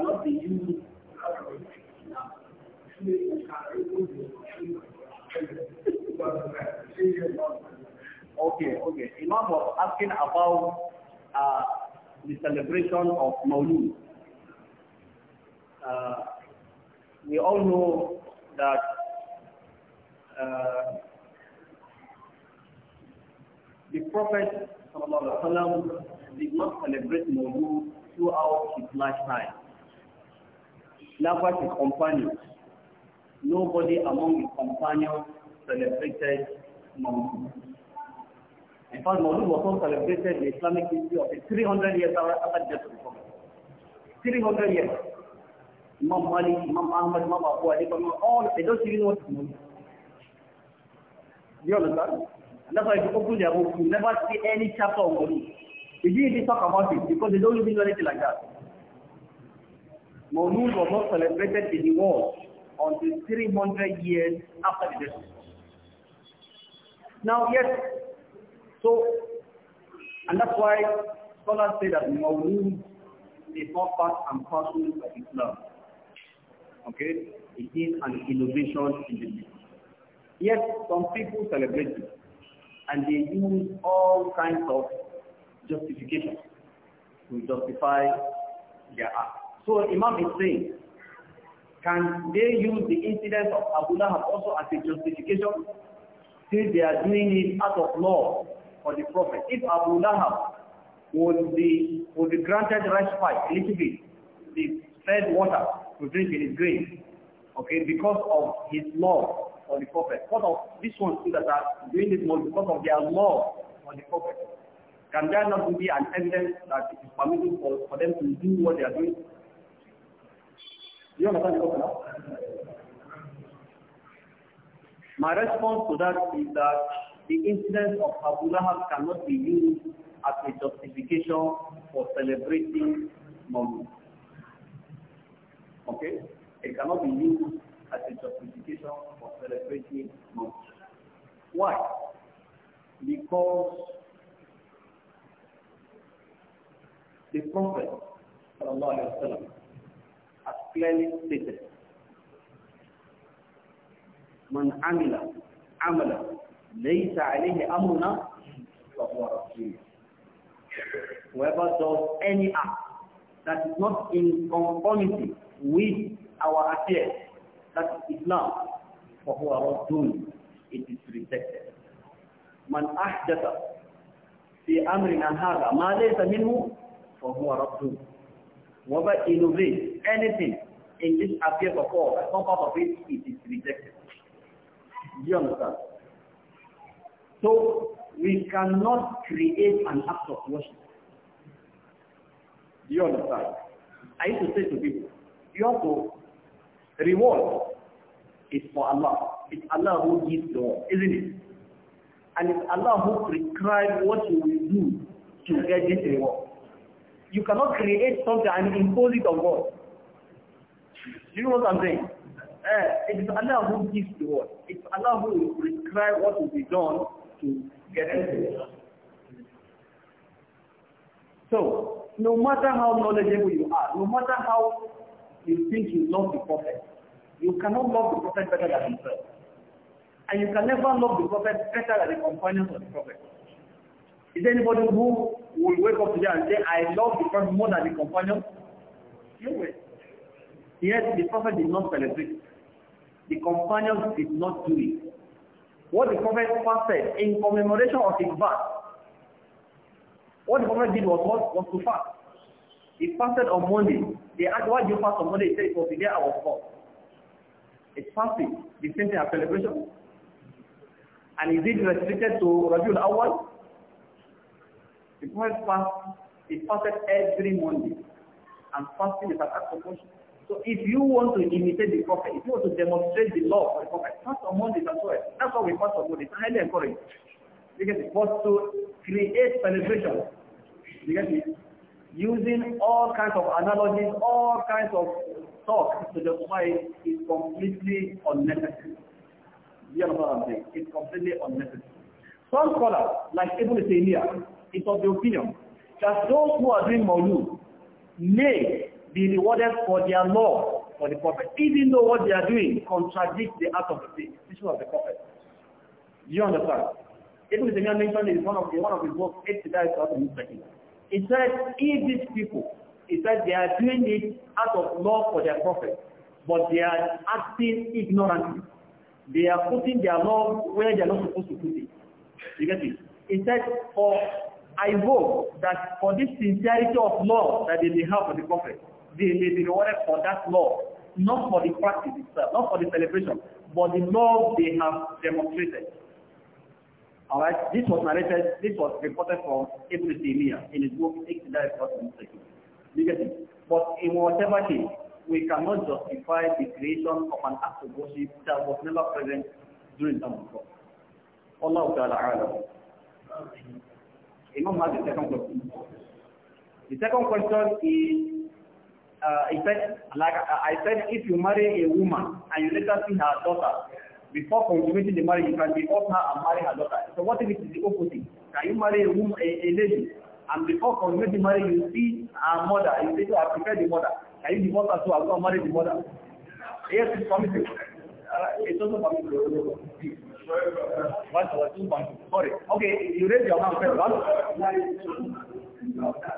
B: love the used okay,
A: okay. Imam was asking about uh, the celebration of Maulud. Uh, we all know that uh, the Prophet did not celebrate Maulud throughout his lifetime. Lovers and companions. Nobody among the companions celebrated Maulud. In fact, Maulud was not celebrated in Islamic history of 300 years after death of the Prophet. 300 years. Imam Malik, Imam Ahmad, Imam Abu Hanifa, all, they don't even know what is Maulud. Do you understand? And that's why if you open their book, you never see any chapter on Maulud. They didn't even talk about it because they don't even know anything like that. Maulud was not celebrated in the world until 300 years after the death. Now, yes, so, and that's why scholars say that Maulud is not part and parcel of Islam. Okay? It is an innovation in the business. Yes, some people celebrate it, and they use all kinds of justification to justify their act. So Imam is saying, can they use the incident of Abu Lahab also as a justification since they are doing it out of law for the Prophet? If Abu Lahab would be, would be granted respite a little bit, the fed water to drink in his grave, okay, because of his love for the Prophet. What of this one too that are doing this more because of their love for the Prophet? Can there not be an evidence that it is permitted for, for them to do what they are doing you My response to that is that the incident of Abu Lahab cannot be used as a justification for celebrating Maulid. Okay? It cannot be used as a justification for celebrating Maulid. Why? Because the Prophet, sallallahu alayhi wa sallam, clearly stated. من عمل عملا ليس عليه أمرنا فهو رجيم. Whoever does any act that is not in conformity with our affairs, that is Islam, فهو رجيم. It is rejected. من أحدث في أمرنا هذا ما ليس منه فهو رجيم. whoever innovates anything in this affair of all, some part of it, it is rejected. Do you understand? So we cannot create an act of worship. Do you understand? I used to say to people, you have to reward is for Allah. It's Allah who gives the reward, isn't it? And it's Allah who prescribes what you will do to get this reward. You cannot create something and impose it on God. Do You know what I'm saying? Uh, it is Allah who gives the word. It is Allah who will prescribe what will be done to get into it. So, no matter how knowledgeable you are, no matter how you think you love the prophet, you cannot love the prophet better than himself. And you can never love the prophet better than the companions of the prophet. Is there anybody who will wake up today and say, I love the Prophet more than the companion? No way. Yes, the Prophet did not celebrate. The companions did not do it. What the Prophet fasted in commemoration of his birth, what the Prophet did was what was to fast. He fasted on Monday. They asked, why did you fast on Monday? He said, it was the day I was born. It's fasting. The same thing as celebration. And is it restricted to Rabiul Awal? The Prophet fast, he fasted every Monday. And fasting is an act of worship. So if you want to imitate the Prophet, if you want to demonstrate the love of the Prophet, fast on Mondays as well. That's why we fast on Mondays. I highly encourage you. get it. But to create celebration, you get it, using all kinds of analogies, all kinds of talk to justify it is completely unnecessary. You know what I'm saying? It's completely unnecessary. Some scholars, like Ibn Taymiyyah, is of the opinion that those who are doing Maulud may be rewarded for their law for the prophet, even though what they are doing contradicts the act of the teaching of the prophet. Do you understand? Even the Taymiyyah mentioned in one of the one of his books, Iqtidai Salat al-Mustaqim. He said, if these people, he said they are doing it out of law for their prophet, but they are acting ignorantly. They are putting their law where they are not supposed to put it. You get it? He said, for I hope that for this sincerity of love that they may have for the prophet, they may be rewarded for that love, not for the practice itself, not for the celebration, but the love they have demonstrated. Alright, this was narrated, this was reported from Ibn Taymiyyah in his book Iqtidai Muslim. But in whatever case, we cannot justify the creation of an act of worship that was never present during the Prophet. Allah Ta'ala Imam has the second question. The second
B: question is,
A: uh, I said, like uh, I said, if you marry a woman and you later see her daughter, before consummating the marriage, you can divorce her and marry her daughter. So what if it is the opposite? Can you marry a woman, a, a lady, and before consummating the marriage, you see her mother, you say, I prefer the mother. Can you divorce her so I'll go marry the mother? Yes, it's permissible. Uh, it's also permissible. One or Sorry. Okay, you raise your hand first. One. Okay.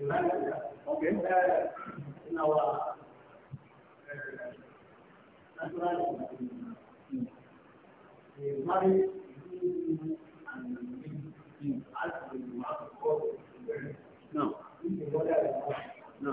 A: In our
B: natural marriage and as we no. No.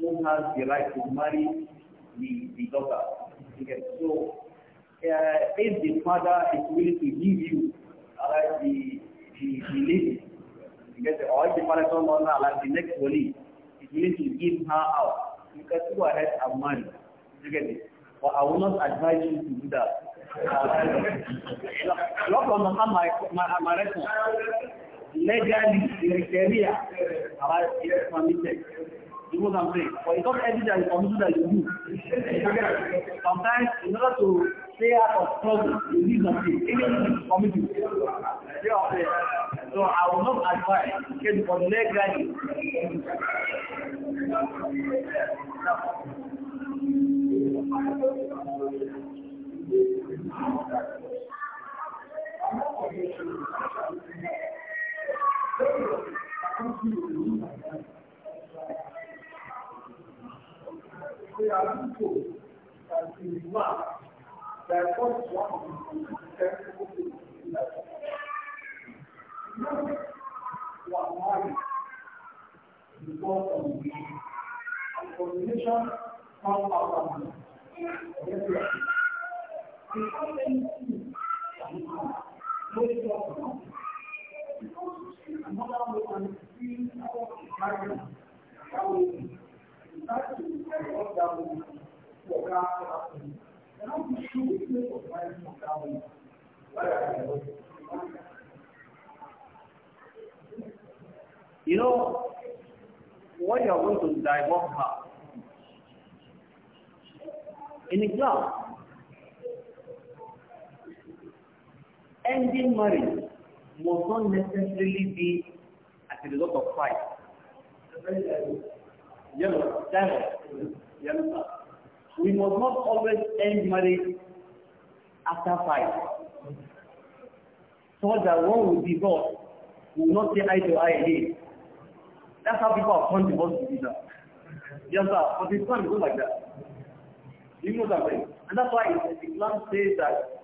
A: who has the right to marry the, the daughter. Okay. So uh, if the father is willing to give you uh, the, the, the lady, because all the father don't want like the next wali is willing to give her out, because can go ahead and marry. You get it? But I will not advise you to do that. Look Not from my, my, my response. Legally, in the area, I have permitted. He goes and prays. But it's not every day that you do. Sometimes, in order to stay out of trouble, you need something. Even if it's committed. So I will not advise get for the leg grinding.
B: Thank you. pé àdúgbò àti ìwà ẹ̀kọ́ ìwà ẹ̀kọ́ ìwà wà láàyè ìgbọ́ ọ̀nà coordination from our government. Because they see another way and see how it's
A: You know, what you are going to divorce her in Islam, ending marriage must not necessarily be as a result of fight. yellow, channel. You understand? We must not always end marriage after five. So that one will divorce, will not see eye to eye again. That's how people are fond divorce with each other. You understand? But it's not good like that. You know that way. And that's why Islam says that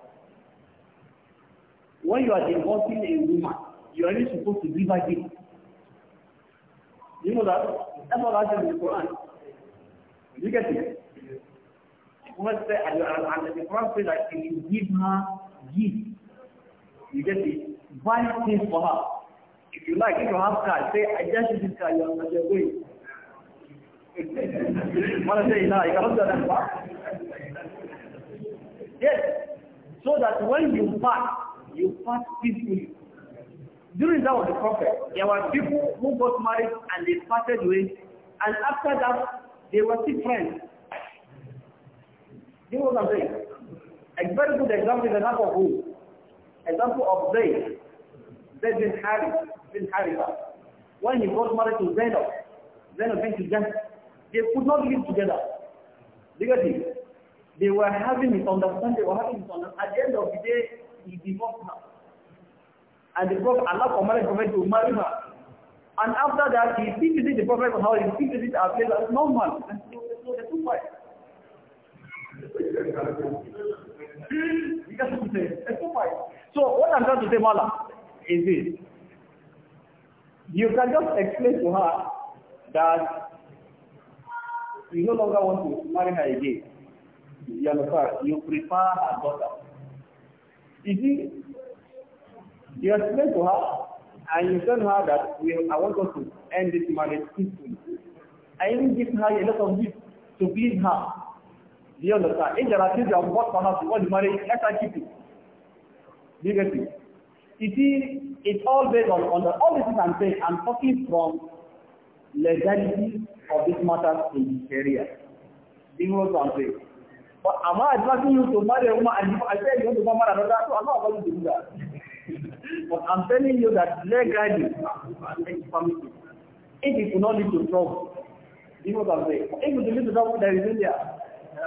A: when you are divorcing a woman, you are only supposed to give her You know that? That's what I happened in the Quran. You get it? You must say, and, and the Quran says that if you give her gifts, you get it? Buy things for her. If you like, if you have car, say, I just this car, you're on your way.
B: Want to say, no, you cannot do that far. Yes.
A: So that when you pass, you pass peacefully. During that of the Prophet, there were people who got married and they parted ways, and after that, they were still friends. Do you know what I'm saying? A very good example is example of who? Example of Zayd. Zayd bin Harith, bin Haritha. When he got married to Zainab, Zainab went to Jannah. They could not live together. Because they were having misunderstanding, they were having misunderstanding. At the end of the day, he divorced her. And the Prophet, Allah commanded Prophet to marry her. And after that, he visited the Prophet how he speaks our as normal. And so, so the two so what I'm trying to say, Mala, is this. You can just explain to her that you no longer want to marry her again. You understand? You prefer her daughter. You see, You explain to her and you tell her that we, I want us to end this marriage peacefully. I even give her a lot of gifts to please her. Do you understand? If there are things you have bought for her before the marriage, let her keep it. Do you get it? You see, it's all based on, on the, all these things I'm saying, I'm talking from legality of this matter in this area. Being what I'm saying. But am I advising you to marry a woman and I say you want to marry another? So I'm not going to do that. But I'm telling you that legally, if it will not lead to trouble, you know what I'm saying? If it will lead to trouble, there is India.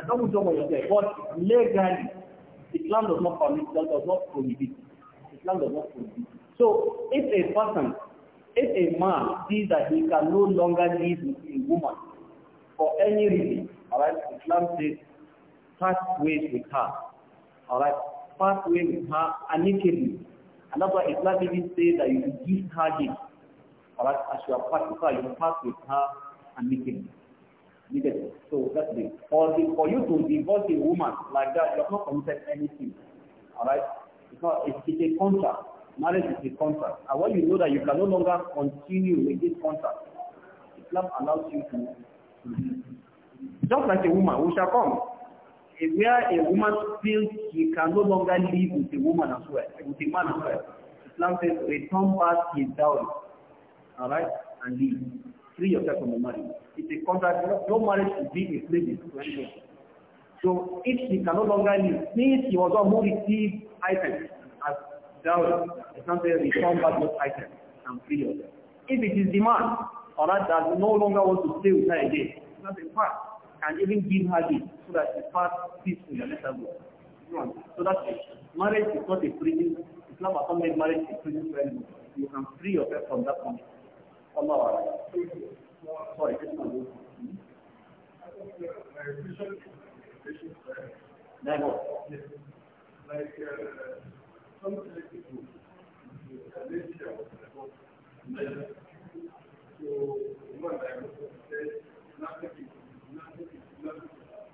A: Double trouble is there. But legally, Islam does not permit, Islam does not prohibit. Islam does not prohibit. So if a person, if a man sees that he can no longer live with a woman for any reason, alright, Islam says, part ways with her, alright, part ways with her amicably. And that's why Islam even say that you give her gifts. Alright, as you are part with her, you part with her and meet him. So that's it. For, the, for you to divorce a woman like that, you have not committed anything. Alright? It's, not, it's, it's a contract. Marriage is a contract. And when you know that you can no longer continue with this contract, Islam allows you to. Just like a woman who shall come where a woman feels she can no longer live with a woman as well, with a man as well. Islam says, return back his dowry, all right, and leave. Free yourself from the marriage. It's a contract. No marriage should be a free to So if she can no longer live, since he was not who received items as dowry, Islam says, return back those items and free yourself. If it is the man, all right, that no longer wants to stay with her again, Islam says, fine, and even give her this. so that it passed peace in the letter book. So that marriage is not a prison. Islam has not marriage a prison friendly. You can free yourself from that one. Allah. Sorry, this one.
B: the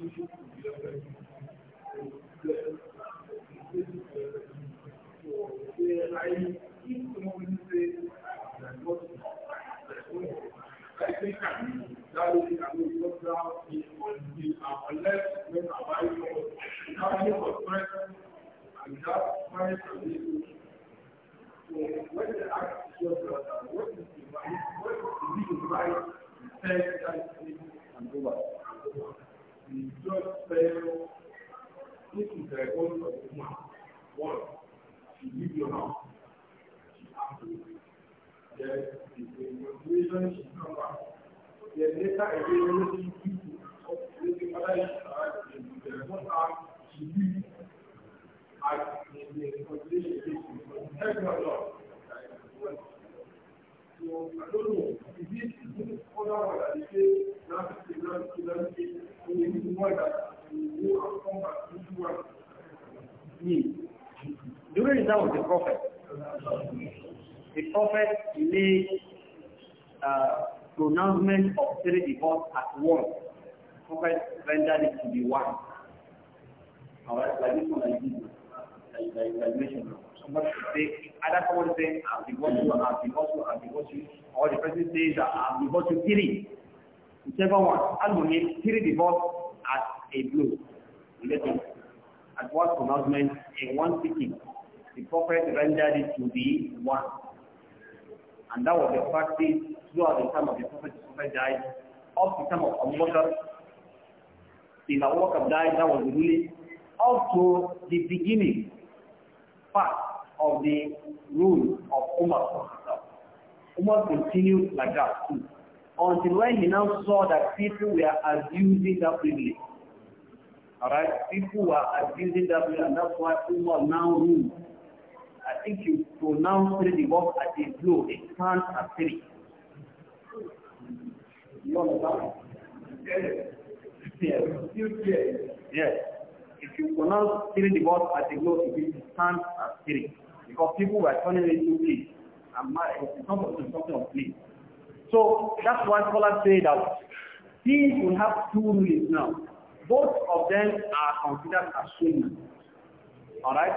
B: you should
A: one. Alright, like this one I did, I, I, I mentioned. Somebody should say, either someone say, i am divorced you, i am divorced you, i am divorced you, or the person says, i am divorced you three. Whichever one, I'm Al-Muhim, three divorce at a blow. Let it, at one pronouncement, in one sitting. The Prophet rendered it to be one. And that was the practice throughout the time of the Prophet, the Prophet died, up to the time of Abu Bakr, since Abu Bakr died, that was the ruling up to the beginning part of the rule of Umar. Umar continued like that too, until when he now saw that people were abusing that privilege. Alright, people were abusing that privilege, and that's why Umar now ruled. I think you pronounce three divorce as a blow, it stands at three. You understand? Yes. If you pronounce the boss as a no, it will stand as spirit. Because people were turning into plea. And it's not something of plea. So that's why scholars say that these will have two rules now. Both of them are considered as sunnah. Alright?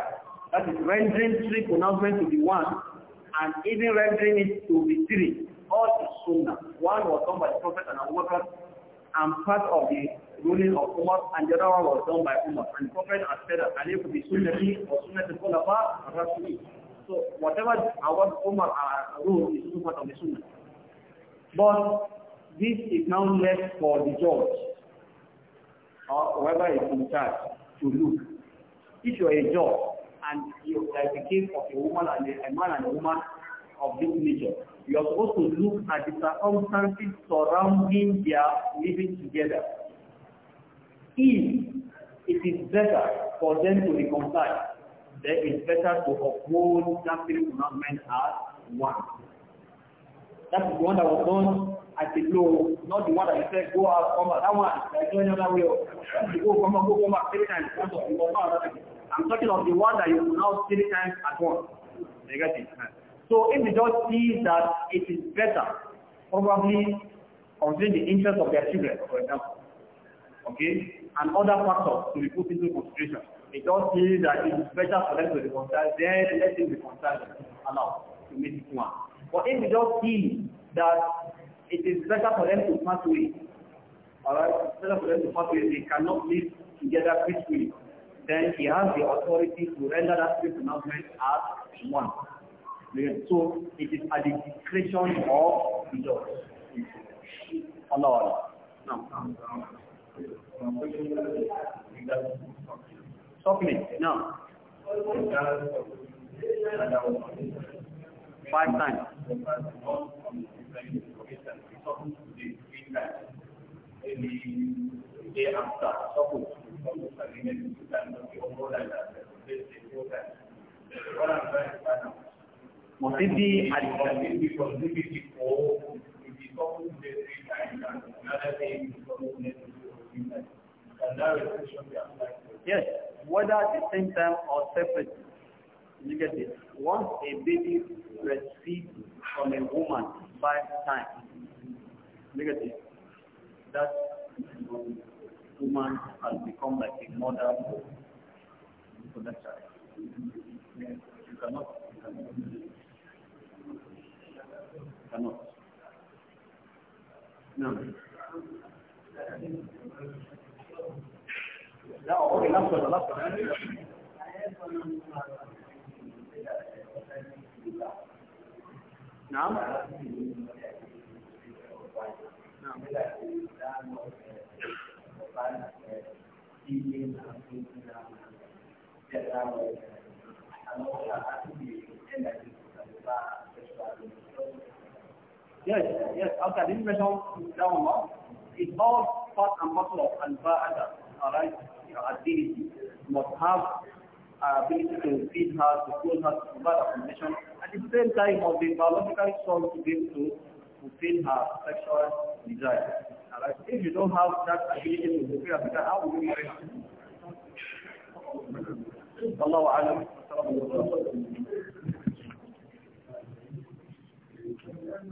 A: That is rendering three pronouncements to be one and even rendering it to be three. All is sunnah. One was done by the Prophet and Abu Bakr and part of the ruling of Umar and the other was done by Umar. And the Prophet has said that Ali could be Sunnati or Sunnati Khulafa Rasuli. So whatever our Umar uh, rule is not part of the Sunnah. But this is now left for the judge or whoever is in charge to look. If you are a judge and you, are the case of a woman and a, a man and a woman of this nature, you are supposed to look at the circumstances surrounding their living together. if it is better for them to reconcile, then it is better to uphold that three commandments as one. That is the one that was done at the law, not the one that you said, go out, come back. That one, like no other way. Go, come back, go, come back, three times. I'm talking of the one that you pronounce three times at once. Negative. So if the just see that it is better, probably considering the interest of their children, for example, okay, and other factors to be put into consideration. It does mean that it is better for them to reconcile, then let them reconcile allow to make it one. But if it does see that it is better for them to pass away, alright, better for them to pass away, they cannot live together peacefully, then he has the authority to render that spirit announcement as one. So it is at the discretion of the judge. Allah. Allah. No. Um, um, Supplement, no. Five times.
B: Day after, bí àdìsá.
A: Yes, whether at the same time or separate. You get it. Once a baby receives from a woman by time, you get it. That woman has become like a mother for that child.
B: You cannot. You cannot. You cannot. No. No, okay, نعم نعم
A: Yes, yes, okay, this is down part and parcel of al alright? you ability, must have uh, ability to feed her, to her, to provide accommodation. At the same time, must be biologically strong to be able to fulfill her sexual desire. Right? If you don't have that ability
B: to fulfill her how will you marry her? الله أعلم